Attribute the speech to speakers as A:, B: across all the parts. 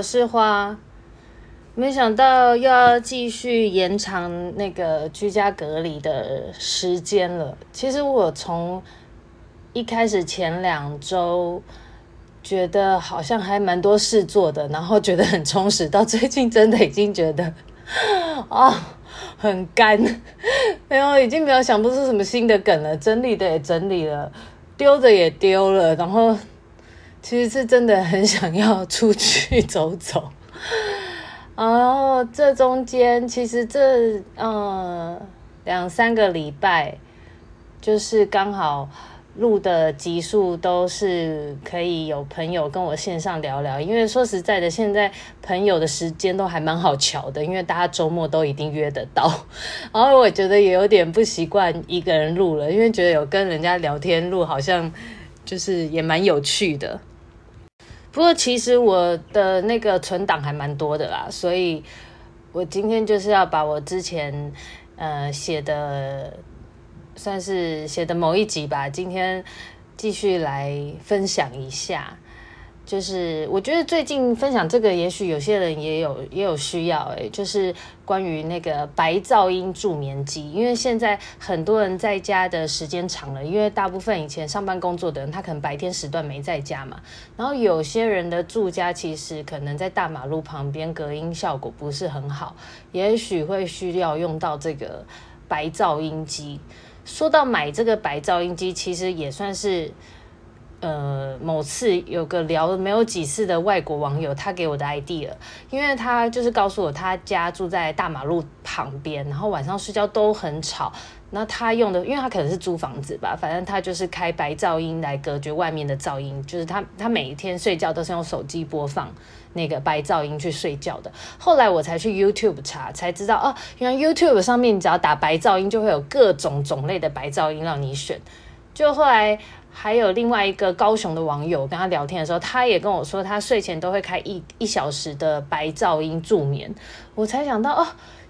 A: 可是花，沒想到又要繼續延長那個居家隔離的時間了。其實我從一開始前兩周覺得好像還蠻多事做的，然後覺得很充實，到最近真的已經覺得啊、哦、很乾，沒有，已經沒有想不出什麼新的梗了。整理的也整理了，丟的也丟了，然後。其實是真的很想要出去走走，然後這中間其實這呃、嗯、兩三個禮拜，就是剛好錄的集數都是可以有朋友跟我線上聊聊，因為說實在的，現在朋友的時間都還蠻好喬的，因為大家周末都一定約得到，然後我覺得也有點不習慣一個人錄了，因為覺得有跟人家聊天錄好像就是也蠻有趣的。不過其實我的那個存檔還蠻多的啦，所以我今天就是要把我之前呃寫的，算是寫的某一集吧，今天繼續來分享一下。就是我覺得最近分享這個，也許有些人也有也有需要哎、欸，就是關於那個白噪音助眠機，因為現在很多人在家的時間長了，因為大部分以前上班工作的人，他可能白天時段沒在家嘛，然後有些人的住家其實可能在大馬路旁邊，隔音效果不是很好，也許會需要用到這個白噪音機。說到買這個白噪音機，其實也算是。呃，某次有個聊沒有幾次的外國網友，他給我的 idea，因為他就是告訴我他家住在大馬路旁邊，然後晚上睡覺都很吵。那他用的，因為他可能是租房子吧，反正他就是開白噪音來隔絕外面的噪音，就是他他每一天睡覺都是用手機播放那個白噪音去睡覺的。後來我才去 YouTube 查，才知道啊，哦，原來 YouTube 上面你只要打白噪音，就會有各種種類的白噪音讓你選。就後來。還有另外一個高雄的網友跟他聊天的時候，他也跟我說，他睡前都會開一一小時的白噪音助眠。我才想到哦，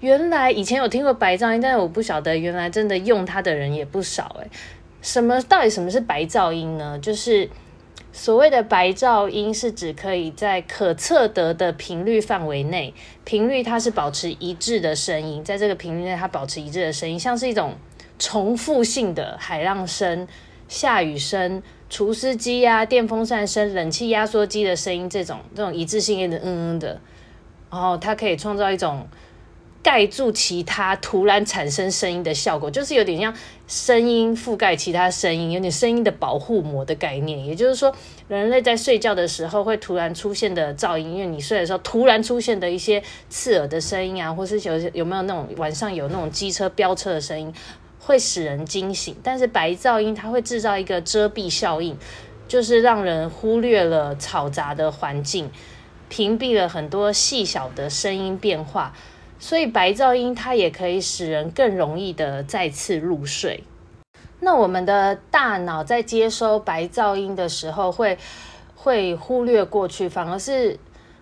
A: 原來以前有聽過白噪音，但是我不曉得原來真的用它的人也不少誒。什麼到底什麼是白噪音呢？就是所謂的白噪音是指可以在可測得的頻率範圍內，頻率它是保持一致的聲音，在這個頻率內它保持一致的聲音，像是一種重複性的海浪聲。下雨聲、除濕機呀、啊、電風扇聲、冷氣壓縮機的聲音，這種這種一致性的，一直嗯嗯的，然、哦、後它可以創造一種蓋住其他突然產生聲音的效果，就是有點像聲音覆蓋其他聲音，有點聲音的保護膜的概念。也就是說，人類在睡覺的時候會突然出現的噪音，因為你睡的時候突然出現的一些刺耳的聲音啊，或是有有沒有那種晚上有那種機車飆車的聲音。會使人驚醒，但是白噪音它會製造一個遮蔽效應，就是讓人忽略了嘈雜的環境，屏蔽了很多細小的聲音變化，所以白噪音它也可以使人更容易的再次入睡。那我們的大腦在接收白噪音的時候會，會會忽略過去，反而是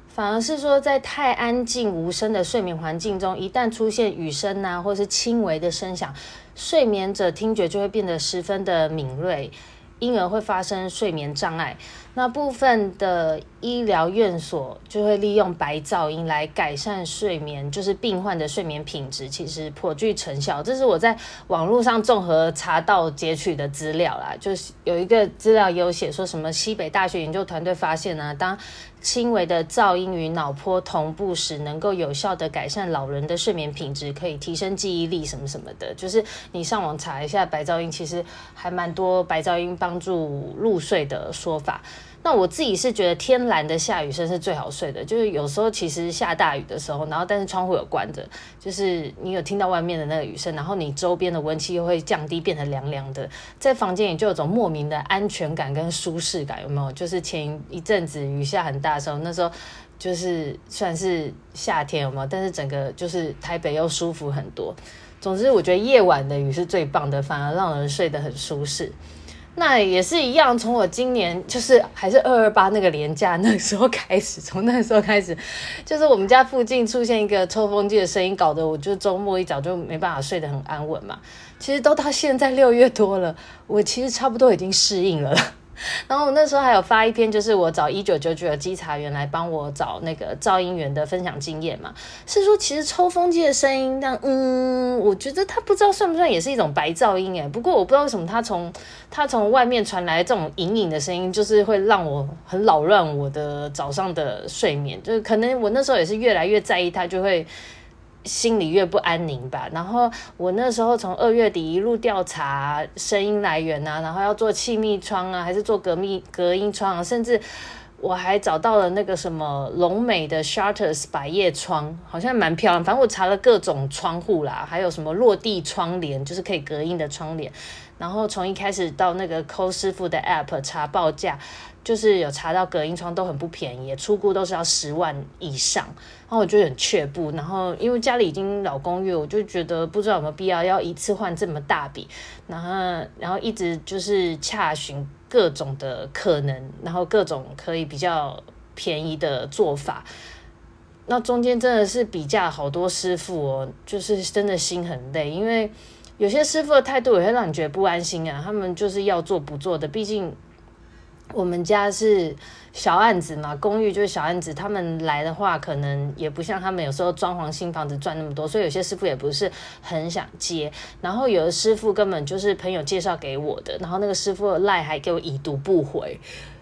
A: 反而是說，在太安靜無聲的睡眠環境中，一旦出現雨聲吶、啊，或是輕微的聲響。睡眠者聽覺就會變得十分的敏銳，因而會發生睡眠障礙。那部分的。醫療院所就會利用白噪音來改善睡眠，就是病患的睡眠品質其實頗具成效。這是我在網絡上綜合查到截取的資料啦，就是有一個資料有寫說什麼西北大學研究團隊發現呢、啊，當輕微的噪音與腦波同步時，能夠有效的改善老人的睡眠品質，可以提升記憶力什麼什麼的。就是你上網查一下白噪音，其實還蠻多白噪音幫助入睡的說法。那我自己是覺得天藍的下雨聲是最好睡的，就是有時候其實下大雨的時候，然後但是窗戶有關着，就是你有聽到外面的那個雨聲，然後你周邊的溫氣又會降低，變得涼涼的，在房間裡就有種莫名的安全感跟舒適感，有沒有？就是前一陣子雨下很大的時候，那時候就是算是夏天，有沒有？但是整個就是台北又舒服很多。總之，我覺得夜晚的雨是最棒的、啊，反而讓人睡得很舒適。那也是一樣，從我今年就是還是二二八那個連假那時候開始，從那時候開始，就是我們家附近出現一個抽風機的聲音，搞得我就周末一早就沒辦法睡得很安穩嘛。其實都到現在六月多了，我其實差不多已經適應了。然後我那時候還有發一篇，就是我找一九九九的稽查員來幫我找那個噪音源的分享經驗嘛，是說其實抽風機的聲音，但嗯，我覺得它不知道算不算也是一種白噪音哎，不過我不知道為什麼它從它從外面傳來這種隱隱的聲音，就是會讓我很擾亂我的早上的睡眠，就是可能我那時候也是越來越在意它，就會。心裡越不安寧吧。然後我那時候從二月底一路調查啊、聲音來源吶、啊，然後要做氣密窗啊，還是做隔密隔音窗啊，甚至我還找到了那個什麼龍美的 shutters 百葉窗，好像蠻漂亮。反正我查了各種窗戶啦，還有什麼落地窗簾，就是可以隔音的窗簾。然後從一開始到那個摳師傅的 app 查報價，就是有查到隔音窗都很不便宜，初估都是要十萬以上。然後我就很卻步，然後因為家裡已經老公寓，我就覺得不知道有沒有必要要一次換這麼大筆。然後然後一直就是洽詢各種的可能，然後各種可以比較便宜的做法。那中間真的是比價好多師傅哦，就是真的心很累，因為。有些師傅的態度也會讓你覺得不安心啊，他們就是要做不做的，畢竟我們家是小案子嘛，公寓就是小案子，他們來的話可能也不像他們有時候裝潢新房子賺那麼多，所以有些師傅也不是很想接，然後有的師傅根本就是朋友介紹給我的，然後那個師傅的賴還給我已讀不回，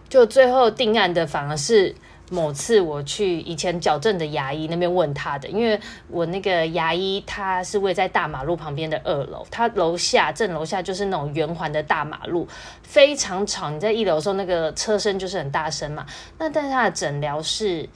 A: 就最後定案的反而是。某次我去以前矯正的牙醫那邊問他的，因為我那個牙醫他是位在大馬路旁邊的二樓，他樓下正樓下就是那種圓環的大馬路，非常吵。你在一樓的時候，那個車聲就是很大聲嘛。那但是他的診療室，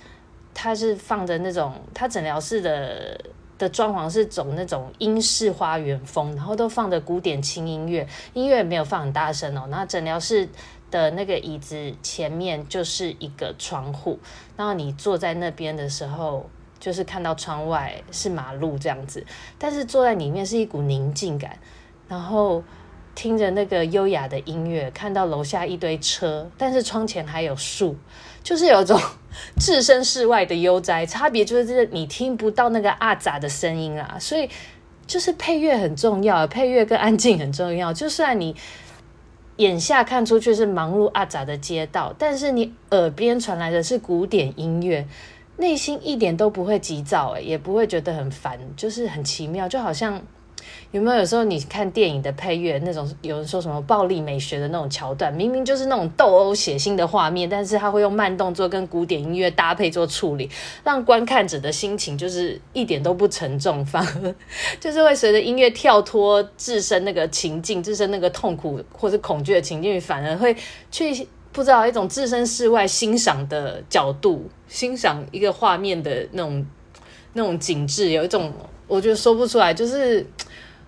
A: 他是放着那種他診療室的的裝潢是走那種英式花園風，然後都放着古典輕音樂，音樂也沒有放很大聲哦。那診療室。的那個椅子前面就是一個窗戶，然後你坐在那邊的時候，就是看到窗外是馬路這樣子，但是坐在裡面是一股寧靜感，然後聽着那個優雅的音樂，看到樓下一堆車，但是窗前還有樹，就是有一種置身事外的悠哉。差別就是這個，你聽不到那個阿雜的聲音啊，所以就是配樂很重要，配樂跟安靜很重要，就算你。眼下看出去是忙碌阿雜的街道，但是你耳邊傳來的是古典音樂，內心一點都不會急躁，欸，也不會覺得很煩，就是很奇妙，就好像。有沒有有時候你看電影的配樂，那種有人說什麼暴力美學的那種橋段，明明就是那種鬥毆血腥的畫面，但是他會用慢動作跟古典音樂搭配做處理，讓觀看者的心情就是一點都不沉重，反而就是會隨着音樂跳脫自身那個情境，自身那個痛苦或是恐懼的情境，反而會去不知道一種置身事外欣賞的角度，欣賞一個畫面的那種那種景致，有一種我覺得說不出來，就是。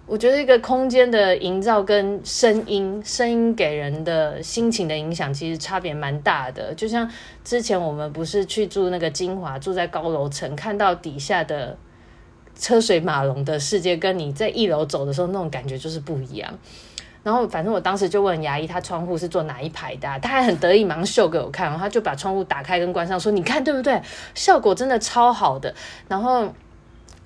A: 我覺得一個空間的營造跟聲音，聲音給人的心情的影響其實差別蠻大的。就像之前我們不是去住那個晶華，住在高樓層，看到底下的車水馬龍的世界，跟你在一樓走的時候那種感覺就是不一樣。然後反正我當時就問牙醫，他窗戶是做哪一排的，啊，他還很得意忙秀給我看，然後他就把窗戶打開跟關上說，說你看對不對，效果真的超好的。然後。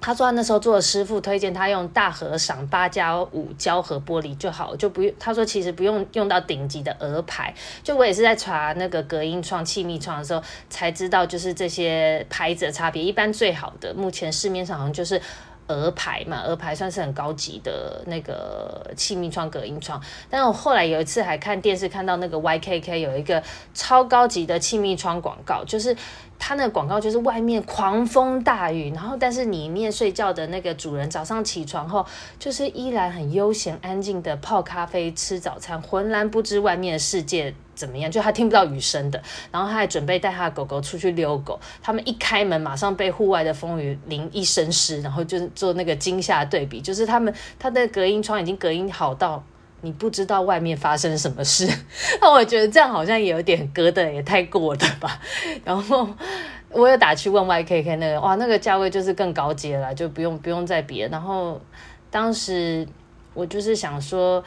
A: 他說他那時候做的師傅推薦他用大和賞八加五膠合玻璃就好，就不用。他說其實不用用到頂級的鵝牌。就我也是在查那個隔音窗、氣密窗的時候，才知道就是這些牌子的差別。一般最好的目前市面上好像就是鵝牌嘛，鵝牌算是很高級的那個氣密窗、隔音窗。但是我後來有一次還看電視看到那個 YKK 有一個超高級的氣密窗廣告，就是。他那個廣告就是外面狂風大雨，然後但是裡面睡覺的那個主人早上起床後，就是依然很悠閒安靜的泡咖啡吃早餐，渾然不知外面的世界怎麼樣，就他聽不到雨聲的。然後他還準備帶他的狗狗出去遛狗，他們一開門馬上被戶外的風雨淋一身濕，然後就是做那個驚嚇對比，就是他們他的隔音窗已經隔音好到。你不知道外面發生什麼事，那 我覺得這樣好像也有點隔得也太過了的吧。然後我有打去問 YKK 那個，哇，那個價位就是更高級了，就不用不用再比。然後當時我就是想說。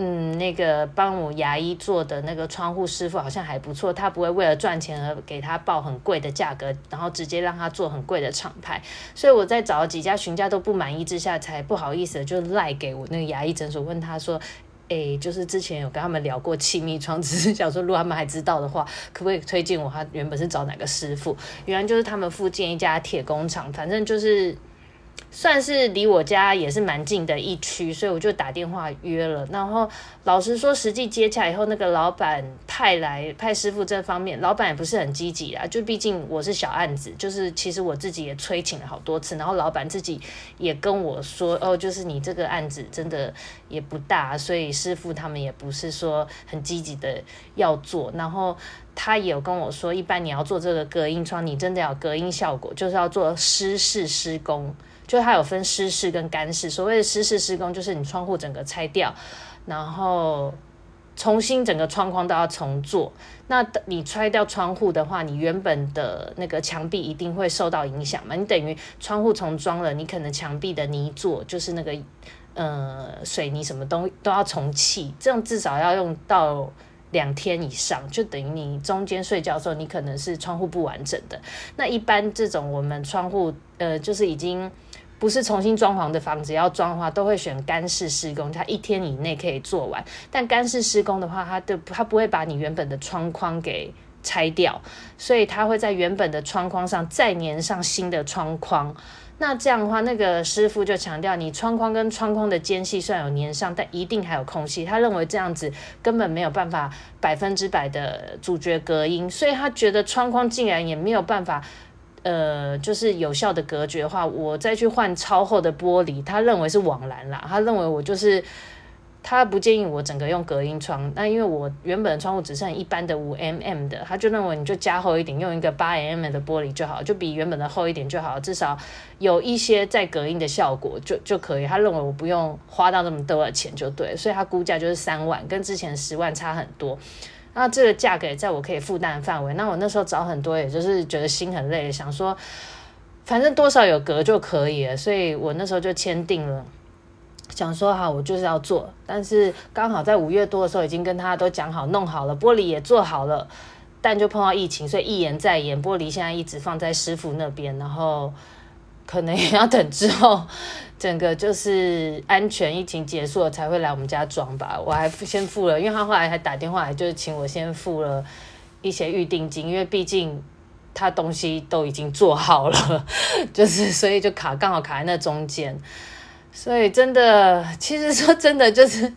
A: 嗯，那個幫我牙醫做的那個窗戶師傅好像還不錯，他不會為了賺錢而給他報很貴的價格，然後直接讓他做很貴的廠牌。所以我在找幾家詢價都不滿意之下，才不好意思就賴、like、給我那個牙醫診所，問他說：“哎、欸，就是之前有跟他們聊過氣密窗，只是想說，如果他們還知道的話，可不可以推薦我？他原本是找哪個師傅？原來就是他們附近一家鐵工廠，反正就是。”算是離我家也是蠻近的一區，所以我就打電話約了。然後老實說，實際接起來以後，那個老闆派來派師傅這方面，老闆也不是很積極啊。就畢竟我是小案子，就是其實我自己也催請了好多次，然後老闆自己也跟我說，哦，就是你這個案子真的也不大，所以師傅他們也不是說很積極的要做，然後。他也有跟我說，一般你要做這個隔音窗，你真的要隔音效果，就是要做濕式施工。就它有分濕式跟乾式。所謂的濕式施工，就是你窗戶整個拆掉，然後重新整個窗框都要重做。那你拆掉窗戶的話，你原本的那個牆壁一定會受到影響嘛？你等於窗戶重裝了，你可能牆壁的泥作，就是那個呃水泥什麼東西都,都要重砌，這樣至少要用到。兩天以上，就等於你中間睡覺的時候，你可能是窗戶不完整的。那一般這種我們窗戶，呃，就是已經不是重新裝潢的房子要裝的話都會選乾式施工，它一天以內可以做完。但乾式施工的話，它的它不會把你原本的窗框給拆掉，所以它會在原本的窗框上再粘上新的窗框。那這樣的話，那個師傅就強調，你窗框跟窗框的間隙雖然有粘上，但一定還有空隙。他認為這樣子根本沒有辦法百分之百的阻絕隔音，所以他覺得窗框竟然也沒有辦法，呃，就是有效的隔絕的話，我再去換超厚的玻璃，他認為是枉然啦。他認為我就是。他不建議我整個用隔音窗，那因為我原本的窗戶只剩一般的五 mm 的，他就認為你就加厚一點，用一個八 mm 的玻璃就好，就比原本的厚一點就好，至少有一些在隔音的效果就就可以。他認為我不用花到那麼多的錢就對，所以他估價就是三萬，跟之前十萬差很多。那這個價格在我可以負擔的範圍，那我那時候找很多，也就是覺得心很累，想說反正多少有隔就可以了，所以我那時候就簽訂了。想說好，我就是要做，但是剛好在五月多的時候已經跟他都講好，弄好了，玻璃也做好了，但就碰到疫情，所以一延再延，玻璃現在一直放在師傅那邊，然後可能也要等之後整個就是安全疫情結束了，才會來我們家裝吧。我還先付了，因為他後來還打電話來，就是請我先付了一些預定金，因為畢竟他東西都已經做好了，就是所以就卡剛好卡在那中間。所以真的，其實說真的，就是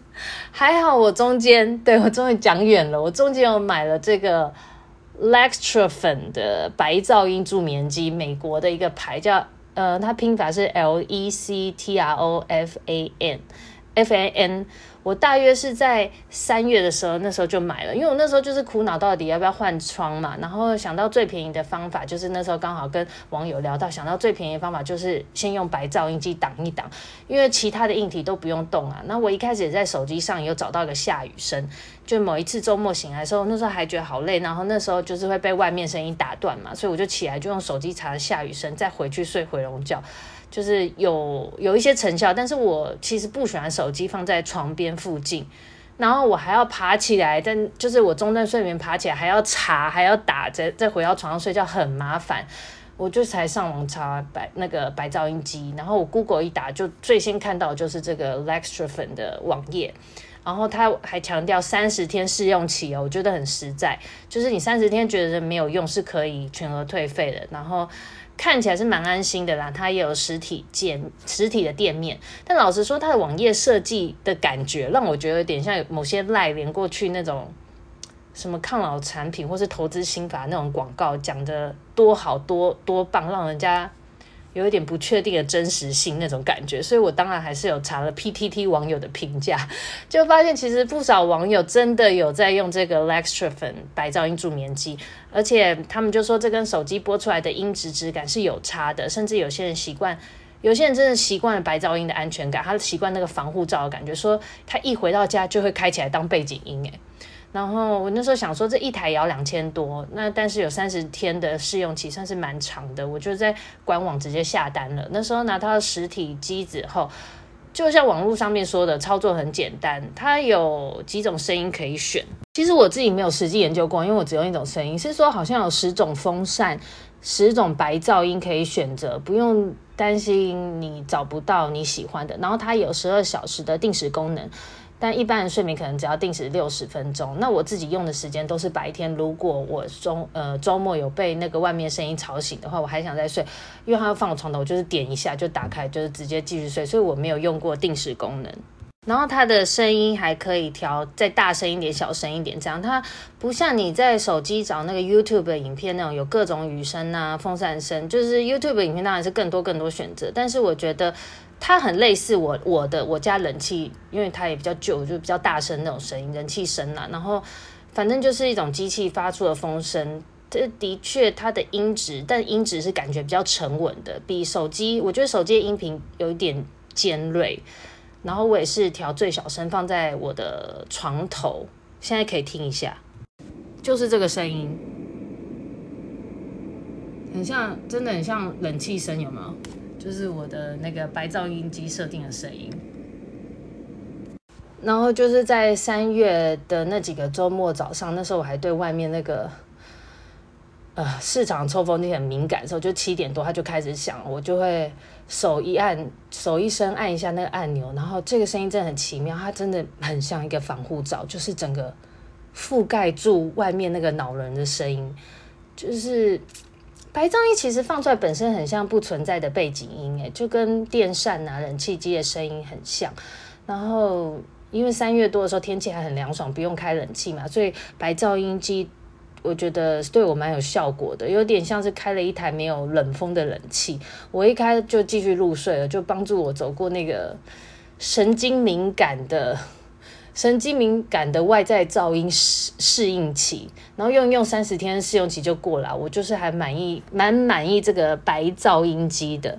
A: 還好我中間，對，我終於講遠了。我中間我買了這個 Lectrofan 的白噪音助眠機，美國的一個牌叫呃，它拼法是 L E C T R O F A N F A N。我大約是在三月的時候，那時候就買了，因為我那時候就是苦惱到底要不要換窗嘛，然後想到最便宜的方法，就是那時候剛好跟網友聊到，想到最便宜的方法就是先用白噪音機擋一擋，因為其他的硬體都不用動啊。那我一開始也在手機上也有找到一個下雨聲。就某一次週末醒來的時候，那時候還覺得好累，然後那時候就是會被外面聲音打斷嘛，所以我就起來就用手機查下雨聲，再回去睡回籠覺，就是有有一些成效。但是我其實不喜歡手機放在床邊附近，然後我還要爬起來，但就是我中斷睡眠爬起來還要查還要打，再再回到床上睡覺很麻煩。我就才上網查白那個白噪音機，然後我 Google 一打，就最先看到就是這個、e、lectrofan 的網頁。然後他還強調三十天試用期哦，我覺得很實在，就是你三十天覺得沒有用是可以全額退費的。然後看起來是蠻安心的啦，他也有實體店、實體的店面。但老實說，他的網頁設計的感覺讓我覺得有點像有某些賴連過去那種什麼抗老產品或是投資心法那種廣告，講得多好多多棒，讓人家。有一點不確定的真實性那種感覺，所以我當然還是有查了 PTT 網友的評價，就發現其實不少網友真的有在用這個 lectrofan 白噪音助眠機，而且他們就說，這跟手機播出來的音質質感是有差的，甚至有些人習慣，有些人真的習慣了白噪音的安全感，他習慣那個防護罩的感覺，說他一回到家就會開起來當背景音，誒然後我那時候想說這一台也要兩千多，那但是有三十天的試用期算是蠻長的，我就在官網直接下單了。那時候拿它的實體機子後，就像網絡上面說的，操作很簡單。它有幾種聲音可以選，其實我自己沒有實際研究過，因為我只用一種聲音。是說好像有十種風扇、十種白噪音可以選擇，不用擔心你找不到你喜歡的。然後它有十二小時的定時功能。但一般人睡眠可能只要定時六十分鐘，那我自己用的時間都是白天。如果我中呃周末有被那個外面聲音吵醒的話，我還想再睡，因為它要放我床頭，我就是點一下就打開，就是直接繼續睡。所以我沒有用過定時功能。然後它的聲音還可以調再大聲一點、小聲一點，這樣它不像你在手機找那個 YouTube 的影片那種，有各種雨聲啊、風扇聲，就是 YouTube 影片當然是更多更多選擇，但是我覺得。它很類似我我的我家冷氣，因為它也比較舊就比較大聲那種聲音，冷氣聲啦。然後反正就是一種機器發出的風聲，這的確它的音質，但音質是感覺比較沉穩的，比手機我覺得手機的音頻有一點尖銳。然後我也是調最小聲放在我的床頭，現在可以聽一下，就是這個聲音，很像，真的很像冷氣聲，有沒有？就是我的那個白噪音機設定的聲音，然後就是在三月的那幾個周末早上，那時候我還對外面那個呃市場抽風機很敏感的時候，就七點多它就開始響，我就會手一按手一伸按一下那個按鈕，然後這個聲音真的很奇妙，它真的很像一個防護罩，就是整個覆蓋住外面那個惱人的聲音，就是。白噪音其實放出來本身很像不存在的背景音，哎，就跟電扇呐、啊、冷氣機的聲音很像。然後因為三月多的時候天氣還很涼爽，不用開冷氣嘛，所以白噪音機我覺得對我蠻有效果的，有點像是開了一台沒有冷風的冷氣。我一開就繼續入睡了，就幫助我走過那個神經敏感的。神經敏感的外在噪音適適應期，然後用用三十天的試用期就過了，我就是還滿意，蠻滿意這個白噪音機的。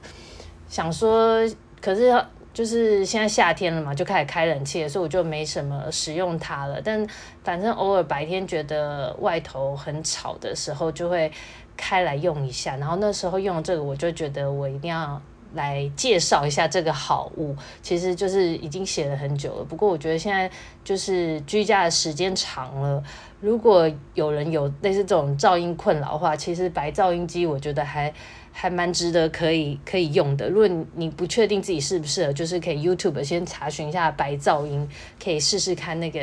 A: 想說，可是就是現在夏天了嘛，就開始開冷氣了，所以我就沒什麼使用它了。但反正偶爾白天覺得外頭很吵的時候，就會開來用一下。然後那時候用這個，我就覺得我一定要。來介紹一下這個好物，其實就是已經寫了很久了。不過我覺得現在就是居家的時間長了，如果有人有類似這種噪音困擾的話，其實白噪音機我覺得還還蠻值得可以可以用的。如果你不確定自己適不適合，就是可以 YouTube 先查詢一下白噪音，可以試試看那個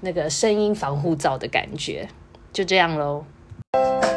A: 那個聲音防護罩的感覺。就這樣嘍。